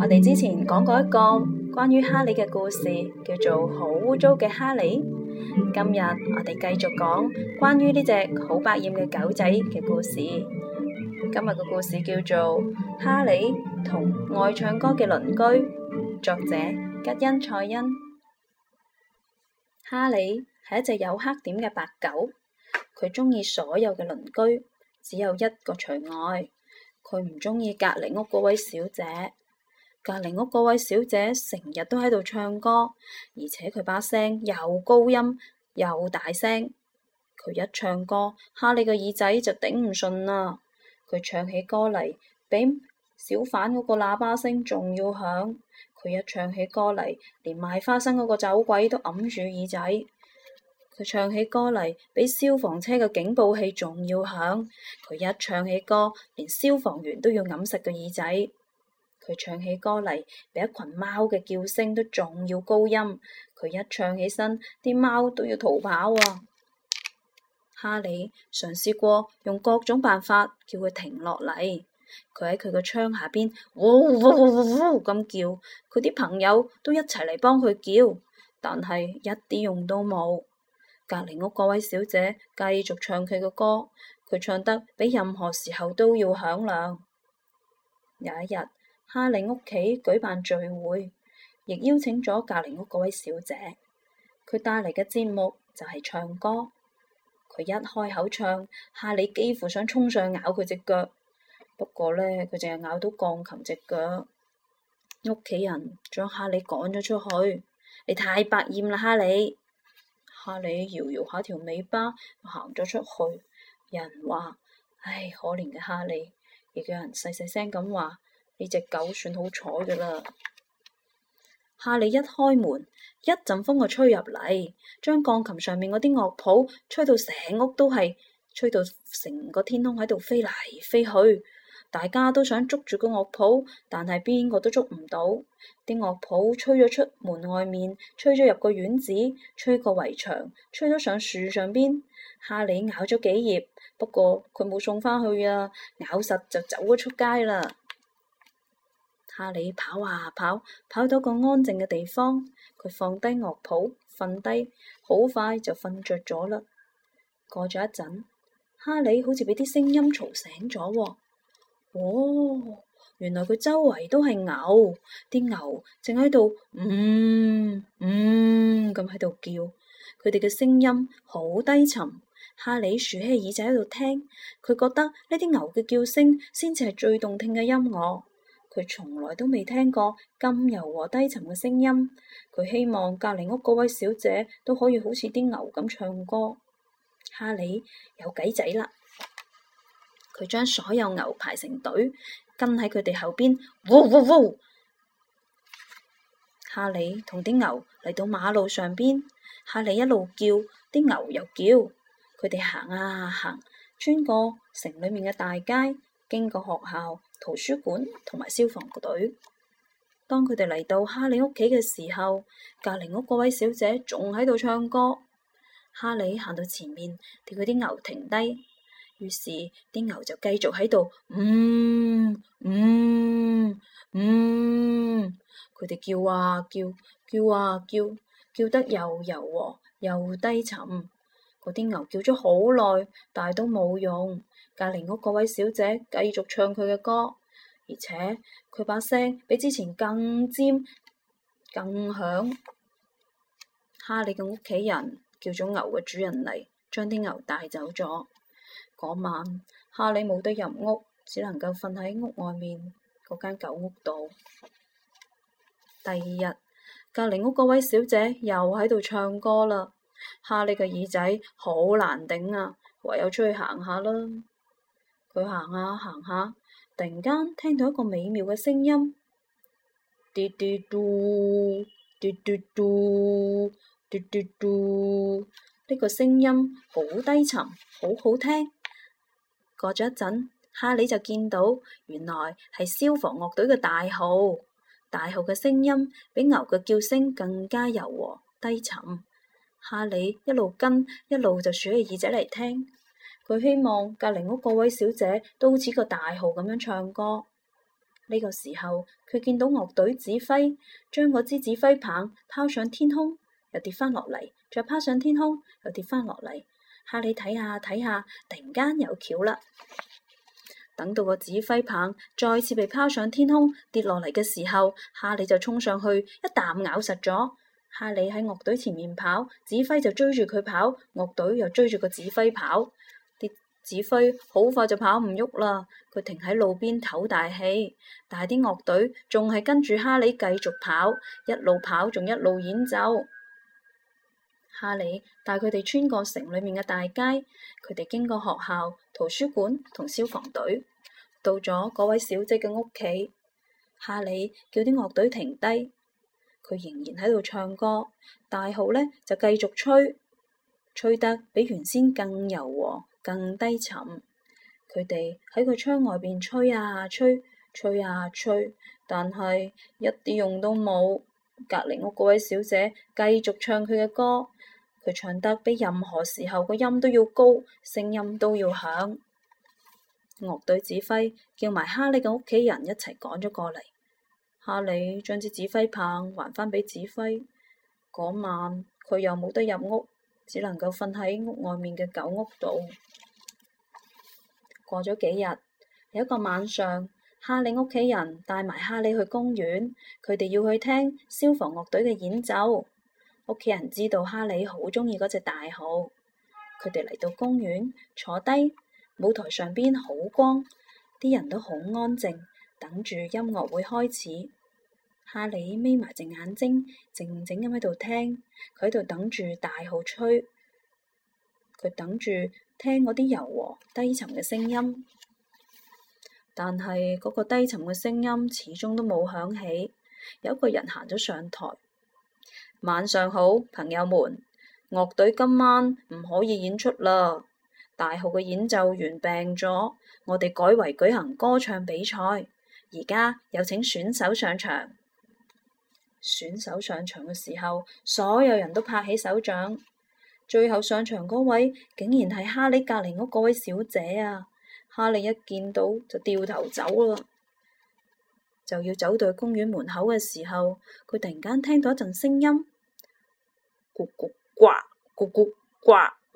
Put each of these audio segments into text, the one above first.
我哋之前講過一個關於哈利嘅故事，叫做好污糟嘅哈利。今日我哋繼續講關於呢隻好百厭嘅狗仔嘅故事。今日嘅故事叫做哈利同愛唱歌嘅鄰居。作者吉恩蔡恩。哈利係一隻有黑點嘅白狗，佢鍾意所有嘅鄰居，只有一個除外，佢唔鍾意隔籬屋嗰位小姐。隔籬屋嗰位小姐成日都喺度唱歌，而且佢把聲又高音又大聲。佢一唱歌，哈利個耳仔就頂唔順啦。佢唱起歌嚟，比小販嗰個喇叭聲仲要響。佢一唱起歌嚟，連賣花生嗰個走鬼都揞住耳仔。佢唱起歌嚟，比消防車嘅警報器仲要響。佢一唱起歌，連消防員都要揞實個耳仔。佢唱起歌嚟，比一群貓嘅叫聲都仲要高音。佢一唱起身，啲貓都要逃跑啊。哈利嘗試過用各種辦法叫佢停落嚟，佢喺佢個窗下邊嗚嗚嗚嗚咁叫，佢啲朋友都一齊嚟幫佢叫，但係一啲用都冇。隔籬屋嗰位小姐繼續唱佢嘅歌，佢唱得比任何時候都要響亮。有一日。哈利屋企舉辦聚會，亦邀請咗隔籬屋嗰位小姐。佢帶嚟嘅節目就係唱歌。佢一開口唱，哈利幾乎想衝上咬佢隻腳。不過呢，佢淨係咬到鋼琴隻腳。屋企人將哈利趕咗出去。你太百厭啦，哈利！哈利搖搖下條尾巴，行咗出去。有人話：唉，可憐嘅哈利。亦有人細細聲咁話。呢隻狗算好彩噶啦！哈利一開門，一陣風就吹入嚟，將鋼琴上面嗰啲樂譜吹到成屋都係，吹到成個天空喺度飛嚟飛去。大家都想捉住個樂譜，但係邊個都捉唔到。啲樂譜吹咗出門外面，吹咗入個院子，吹個圍牆，吹咗上樹上邊。哈利咬咗幾頁，不過佢冇送返去啊，咬實就走咗出街啦。哈利跑啊跑，跑到個安靜嘅地方，佢放低樂譜，瞓低，好快就瞓着咗啦。過咗一陣，哈利好似俾啲聲音嘈醒咗。哦，原來佢周圍都係牛，啲牛正喺度，嗯嗯咁喺度叫，佢哋嘅聲音好低沉。哈利豎起耳仔喺度聽，佢覺得呢啲牛嘅叫聲先至係最動聽嘅音樂。佢從來都未聽過咁柔和低沉嘅聲音。佢希望隔籬屋嗰位小姐都可以好似啲牛咁唱歌。哈利有計仔啦！佢將所有牛排成隊，跟喺佢哋後邊。嗚嗚嗚！哈利同啲牛嚟到馬路上邊，哈利一路叫，啲牛又叫。佢哋行啊行，穿過城裏面嘅大街，經過學校、圖書館同埋消防隊。當佢哋嚟到哈利屋企嘅時候，隔籬屋嗰位小姐仲喺度唱歌。哈利行到前面，叫佢啲牛停低。於是啲牛就繼續喺度，嗯嗯嗯，佢哋叫啊叫，叫啊叫，叫得又柔和又低沉。嗰啲牛叫咗好耐，但係都冇用。隔籬屋嗰位小姐繼續唱佢嘅歌，而且佢把聲比之前更尖、更響。哈利嘅屋企人叫咗牛嘅主人嚟，將啲牛帶走咗。嗰晚哈利冇得入屋，只能夠瞓喺屋外面嗰間狗屋度。第二日，隔籬屋嗰位小姐又喺度唱歌啦，哈利嘅耳仔好難頂啊，唯有出去行下啦。佢行下行下，突然間聽到一個美妙嘅聲音，嘟嘟嘟，嘟嘟嘟，嘟嘟嘟。呢個聲音好低沉，好好聽。過咗一陣，哈利就見到，原來係消防樂隊嘅大號。大號嘅聲音比牛嘅叫聲更加柔和、低沉。哈利一路跟，一路就豎起耳仔嚟聽。佢希望隔籬屋各位小姐都好似個大號咁樣唱歌。呢個時候，佢見到樂隊指揮將嗰支指揮棒拋上天空，又跌返落嚟，再拋上天空，又跌返落嚟。哈利睇下睇下，突然間有橋啦。等到個指揮棒再次被拋上天空跌落嚟嘅時候，哈利就衝上去一啖咬實咗。哈利喺樂隊前面跑，指揮就追住佢跑，樂隊又追住個指揮跑。指揮好快就跑唔喐啦，佢停喺路邊唞大氣。但係啲樂隊仲係跟住哈利繼續跑，一路跑仲一路演奏。哈利帶佢哋穿過城裏面嘅大街，佢哋經過學校、圖書館同消防隊，到咗嗰位小姐嘅屋企。哈利叫啲樂隊停低，佢仍然喺度唱歌，大號呢就繼續吹，吹得比原先更柔和，更低沉，佢哋喺佢窗外邊吹啊吹，吹啊吹，但係一啲用都冇。隔離屋嗰位小姐繼續唱佢嘅歌，佢唱得比任何時候個音都要高，聲音都要響。樂隊指揮叫埋哈利嘅屋企人一齊趕咗過嚟，哈利將支指揮棒還返俾指揮。嗰晚佢又冇得入屋。只能夠瞓喺屋外面嘅狗屋度。過咗幾日，有一個晚上，哈利屋企人帶埋哈利去公園，佢哋要去聽消防樂隊嘅演奏。屋企人知道哈利好鍾意嗰隻大號，佢哋嚟到公園坐低，舞台上邊好光，啲人都好安靜，等住音樂會開始。哈利眯埋隻眼睛，靜靜咁喺度聽，佢喺度等住大號吹，佢等住聽嗰啲柔和低沉嘅聲音。但係嗰個低沉嘅聲音始終都冇響起。有個人行咗上台，晚上好，朋友們，樂隊今晚唔可以演出啦。大號嘅演奏員病咗，我哋改為舉行歌唱比賽。而家有請選手上場。選手上場嘅時候，所有人都拍起手掌。最後上場嗰位，竟然係哈利隔籬屋嗰位小姐啊！哈利一見到就掉頭走啦。就要走到公園門口嘅時候，佢突然間聽到一陣聲音：咕咕呱、咕咕呱、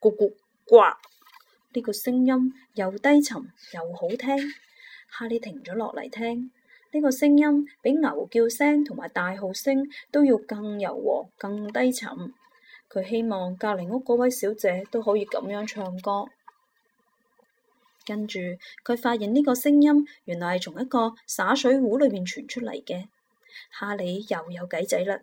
咕咕呱。呢、呃呃呃呃、個聲音又低沉又好聽，哈利停咗落嚟聽。呢個聲音比牛叫聲同埋大號聲都要更柔和，更低沉。佢希望隔籬屋嗰位小姐都可以咁樣唱歌。跟住，佢發現呢個聲音原來係從一個灑水壺裏面傳出嚟嘅。哈利又有計仔啦！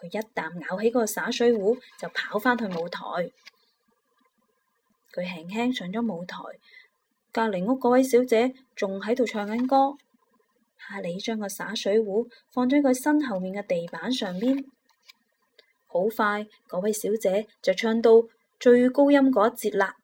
佢一啖咬起個灑水壺，就跑返去舞臺。佢輕輕上咗舞臺，隔籬屋嗰位小姐仲喺度唱緊歌。哈利將個灑水壺放咗佢身後面嘅地板上面。好快，嗰位小姐就唱到最高音嗰一節啦。呢、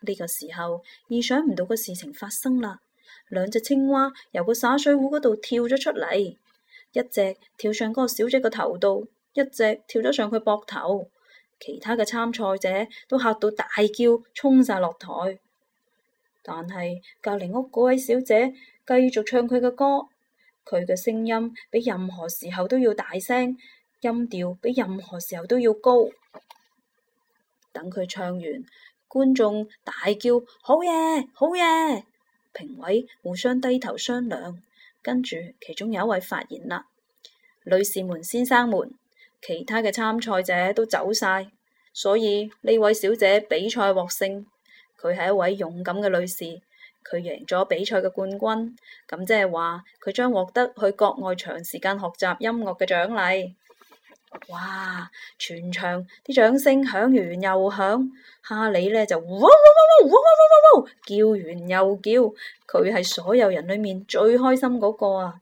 呢個時候，意想唔到嘅事情發生啦！兩隻青蛙由個灑水壺嗰度跳咗出嚟，一隻跳上嗰個小姐個頭度，一隻跳咗上佢膊頭。其他嘅參賽者都吓到大叫，衝晒落台。但係隔籬屋嗰位小姐繼續唱佢嘅歌，佢嘅聲音比任何時候都要大聲，音調比任何時候都要高。等佢唱完，觀眾大叫：好嘢，好嘢！評委互相低頭商量，跟住其中有一位發言啦：女士們、先生們，其他嘅參賽者都走晒，所以呢位小姐比賽獲勝。佢係一位勇敢嘅女士，佢贏咗比賽嘅冠軍，咁即係話佢將獲得去國外長時間學習音樂嘅獎勵。哇！全場啲掌聲響完又響，哈利呢就哇哇哇哇哇哇哇哇哇叫完又叫，佢係所有人裏面最開心嗰個啊！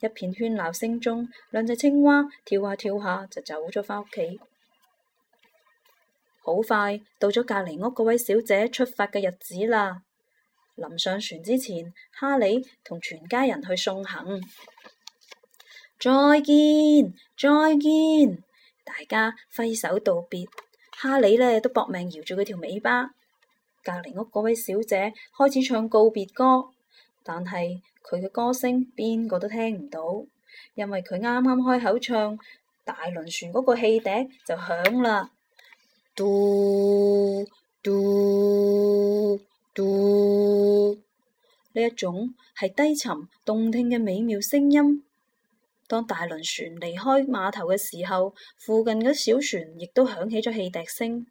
一片喧鬧聲中，兩隻青蛙跳下跳下就走咗返屋企。好快到咗隔籬屋嗰位小姐出發嘅日子啦！臨上船之前，哈利同全家人去送行。再見，再見！大家揮手道別，哈利呢都搏命搖住佢條尾巴。隔籬屋嗰位小姐開始唱告別歌，但係佢嘅歌聲邊個都聽唔到，因為佢啱啱開口唱，大輪船嗰個汽笛就響啦。嘟嘟嘟，呢一種係低沉、動聽嘅美妙聲音。當大輪船離開碼頭嘅時候，附近嘅小船亦都響起咗汽笛聲。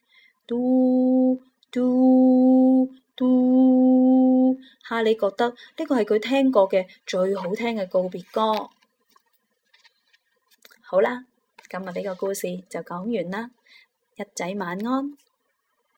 嘟嘟嘟，嘟，哈利覺得呢個係佢聽過嘅最好聽嘅告別歌。好啦，今日，呢個故事就講完啦。日仔晚安。